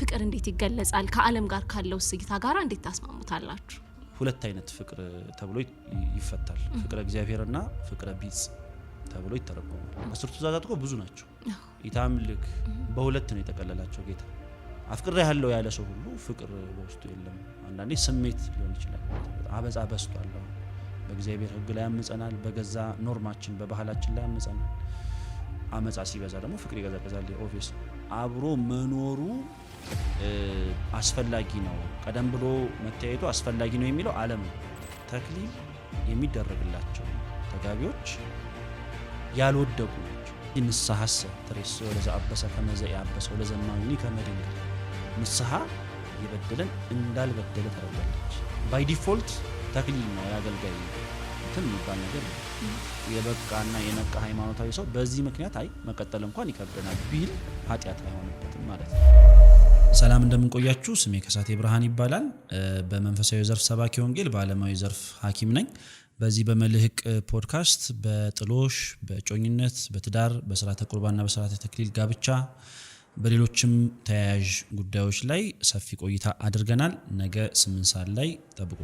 ፍቅር እንዴት ይገለጻል? ከዓለም ጋር ካለው እይታ ጋር እንዴት ታስማሙታላችሁ? ሁለት አይነት ፍቅር ተብሎ ይፈታል። ፍቅረ እግዚአብሔርና ፍቅረ ቢጽ ተብሎ ይተረጎማል። አስርቱ ትእዛዛት እኮ ብዙ ናቸው። ኢታምልክ በሁለት ነው የጠቀለላቸው ጌታ። አፍቅር ያለው ያለ ሰው ሁሉ ፍቅር በውስጡ የለም። አንዳንዴ ስሜት ሊሆን ይችላል። አበጻ በስቷል። በእግዚአብሔር ሕግ ላይ አምጸናል። በገዛ ኖርማችን በባህላችን ላይ አምጸናል። አመጻ ሲበዛ ደግሞ ፍቅር ይቀዘቅዛል። ኦፊስ አብሮ መኖሩ አስፈላጊ ነው፣ ቀደም ብሎ መታየቱ አስፈላጊ ነው የሚለው ዓለም ነው። ተክሊል የሚደረግላቸው ተጋቢዎች ያልወደቁ ናቸው። ንስሐሰ ትሬስ ወለዛ አበሰ ከመዘ ያበሰው ለዘማኒ ከመድንግል ንስሐ የበደለን እንዳልበደለ ተረጋለች። ባይ ዲፎልት ተክሊል ነው የአገልጋይ እንትን የሚባል ነገር የበቃና የነቃ ሃይማኖታዊ ሰው በዚህ ምክንያት አይ መቀጠል እንኳን ይከብደናል ቢል ኃጢአት አይሆንበትም ማለት ነው። ሰላም እንደምንቆያችሁ። ስሜ ከሳቴ ብርሃን ይባላል። በመንፈሳዊ ዘርፍ ሰባኪ ወንጌል፣ በዓለማዊ ዘርፍ ሐኪም ነኝ። በዚህ በመልህቅ ፖድካስት በጥሎሽ፣ በጮኝነት በትዳር፣ በስርዓተ ቁርባና በስርዓተ ተክሊል ጋብቻ፣ በሌሎችም ተያያዥ ጉዳዮች ላይ ሰፊ ቆይታ አድርገናል። ነገ ስምንት ሰዓት ላይ ጠብቁ።